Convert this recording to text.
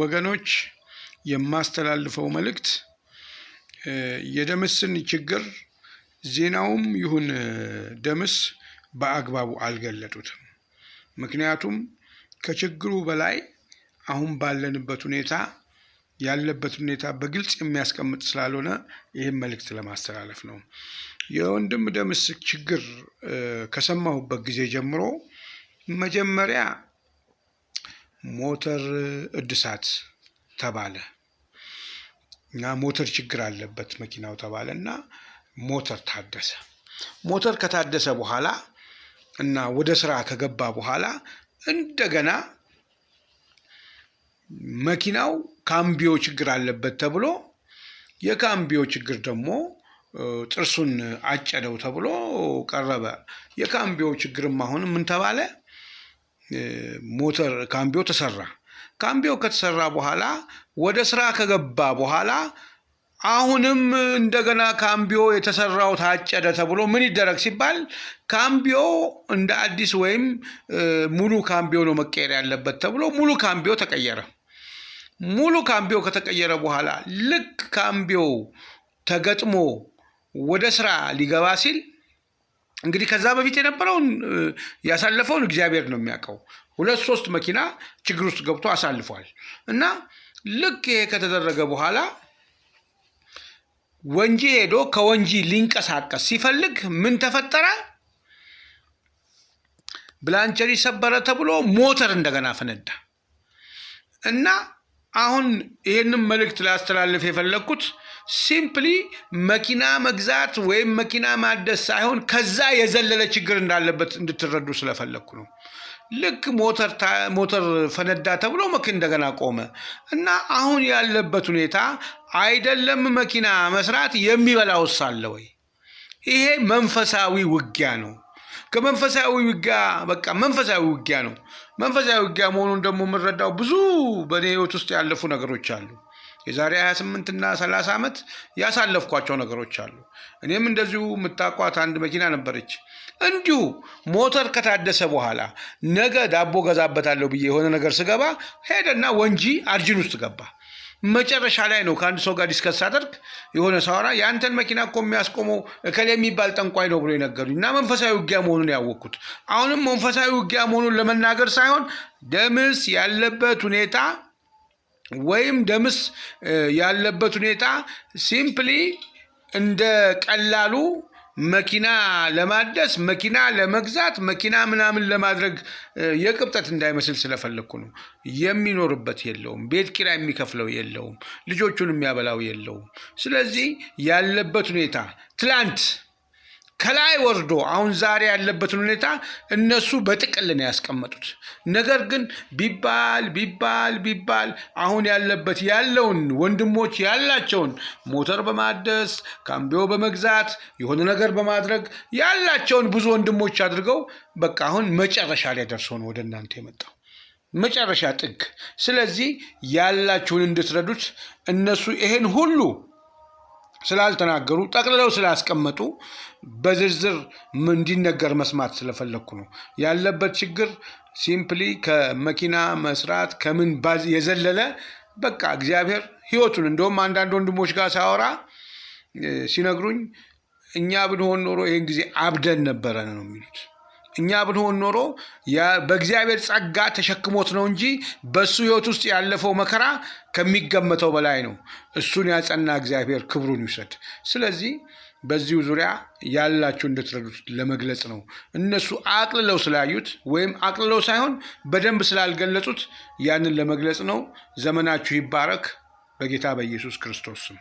ወገኖች የማስተላልፈው መልእክት የደምስን ችግር ዜናውም ይሁን ደምስ በአግባቡ አልገለጡትም። ምክንያቱም ከችግሩ በላይ አሁን ባለንበት ሁኔታ ያለበት ሁኔታ በግልጽ የሚያስቀምጥ ስላልሆነ ይህም መልእክት ለማስተላለፍ ነው። የወንድም ደምስ ችግር ከሰማሁበት ጊዜ ጀምሮ መጀመሪያ ሞተር እድሳት ተባለ እና ሞተር ችግር አለበት መኪናው ተባለ እና ሞተር ታደሰ። ሞተር ከታደሰ በኋላ እና ወደ ስራ ከገባ በኋላ እንደገና መኪናው ካምቢዮ ችግር አለበት ተብሎ የካምቢዮ ችግር ደግሞ ጥርሱን አጨደው ተብሎ ቀረበ። የካምቢዮ ችግርም አሁን ምን ተባለ? ሞተር ካምቢዮ ተሰራ። ካምቢዮ ከተሰራ በኋላ ወደ ስራ ከገባ በኋላ አሁንም እንደገና ካምቢዮ የተሰራው ታጨደ ተብሎ ምን ይደረግ ሲባል ካምቢዮ እንደ አዲስ ወይም ሙሉ ካምቢዮ ነው መቀየር ያለበት ተብሎ ሙሉ ካምቢዮ ተቀየረ። ሙሉ ካምቢዮ ከተቀየረ በኋላ ልክ ካምቢዮ ተገጥሞ ወደ ስራ ሊገባ ሲል እንግዲህ ከዛ በፊት የነበረውን ያሳለፈውን እግዚአብሔር ነው የሚያውቀው። ሁለት ሶስት መኪና ችግር ውስጥ ገብቶ አሳልፏል። እና ልክ ይሄ ከተደረገ በኋላ ወንጂ ሄዶ ከወንጂ ሊንቀሳቀስ ሲፈልግ ምን ተፈጠረ? ብላንቸሪ ሰበረ ተብሎ ሞተር እንደገና ፈነዳ። እና አሁን ይህንም መልእክት ላስተላልፍ የፈለግኩት ሲምፕሊ መኪና መግዛት ወይም መኪና ማደስ ሳይሆን ከዛ የዘለለ ችግር እንዳለበት እንድትረዱ ስለፈለግኩ ነው። ልክ ሞተር ፈነዳ ተብሎ መኪና እንደገና ቆመ እና አሁን ያለበት ሁኔታ አይደለም መኪና መስራት የሚበላው ሳለ ወይ ይሄ መንፈሳዊ ውጊያ ነው። ከመንፈሳዊ ውጊያ በቃ መንፈሳዊ ውጊያ ነው። መንፈሳዊ ውጊያ መሆኑን ደግሞ የምረዳው ብዙ በእኔ ህይወት ውስጥ ያለፉ ነገሮች አሉ። የዛሬ 28 እና 30 ዓመት ያሳለፍኳቸው ነገሮች አሉ። እኔም እንደዚሁ የምታውቋት አንድ መኪና ነበረች። እንዲሁ ሞተር ከታደሰ በኋላ ነገ ዳቦ ገዛበታለሁ ብዬ የሆነ ነገር ስገባ ሄደና ወንጂ አርጅን ውስጥ ገባ። መጨረሻ ላይ ነው ከአንድ ሰው ጋር ዲስከስ አደርግ የሆነ ሳወራ የአንተን መኪና እኮ የሚያስቆመው እከሌ የሚባል ጠንቋይ ነው ብሎ የነገሩኝ እና መንፈሳዊ ውጊያ መሆኑን ያወቅኩት አሁንም መንፈሳዊ ውጊያ መሆኑን ለመናገር ሳይሆን ደምስ ያለበት ሁኔታ ወይም ደምስ ያለበት ሁኔታ ሲምፕሊ እንደ ቀላሉ መኪና ለማደስ መኪና ለመግዛት መኪና ምናምን ለማድረግ የቅብጠት እንዳይመስል ስለፈለግኩ ነው። የሚኖርበት የለውም፣ ቤት ኪራይ የሚከፍለው የለውም፣ ልጆቹን የሚያበላው የለውም። ስለዚህ ያለበት ሁኔታ ትላንት ከላይ ወርዶ አሁን ዛሬ ያለበትን ሁኔታ እነሱ በጥቅል ነው ያስቀመጡት። ነገር ግን ቢባል ቢባል ቢባል አሁን ያለበት ያለውን ወንድሞች ያላቸውን ሞተር በማደስ ካምቢዮ በመግዛት የሆነ ነገር በማድረግ ያላቸውን ብዙ ወንድሞች አድርገው በቃ አሁን መጨረሻ ላይ ደርሰው ነው ወደ እናንተ የመጣው መጨረሻ ጥግ። ስለዚህ ያላችሁን እንድትረዱት እነሱ ይሄን ሁሉ ስላልተናገሩ ጠቅልለው ስላስቀመጡ በዝርዝር እንዲነገር መስማት ስለፈለግኩ ነው። ያለበት ችግር ሲምፕሊ ከመኪና መስራት ከምን የዘለለ በቃ እግዚአብሔር ህይወቱን እንደውም አንዳንድ ወንድሞች ጋር ሳወራ ሲነግሩኝ እኛ ብንሆን ኖሮ ይህን ጊዜ አብደን ነበረ ነው የሚሉት። እኛ ብንሆን ኖሮ በእግዚአብሔር ጸጋ ተሸክሞት ነው እንጂ በእሱ ህይወት ውስጥ ያለፈው መከራ ከሚገመተው በላይ ነው። እሱን ያጸና እግዚአብሔር ክብሩን ይውሰድ። ስለዚህ በዚሁ ዙሪያ ያላችሁ እንድትረዱት ለመግለጽ ነው። እነሱ አቅልለው ስላዩት ወይም አቅልለው ሳይሆን በደንብ ስላልገለጹት ያንን ለመግለጽ ነው። ዘመናችሁ ይባረክ በጌታ በኢየሱስ ክርስቶስ ስም።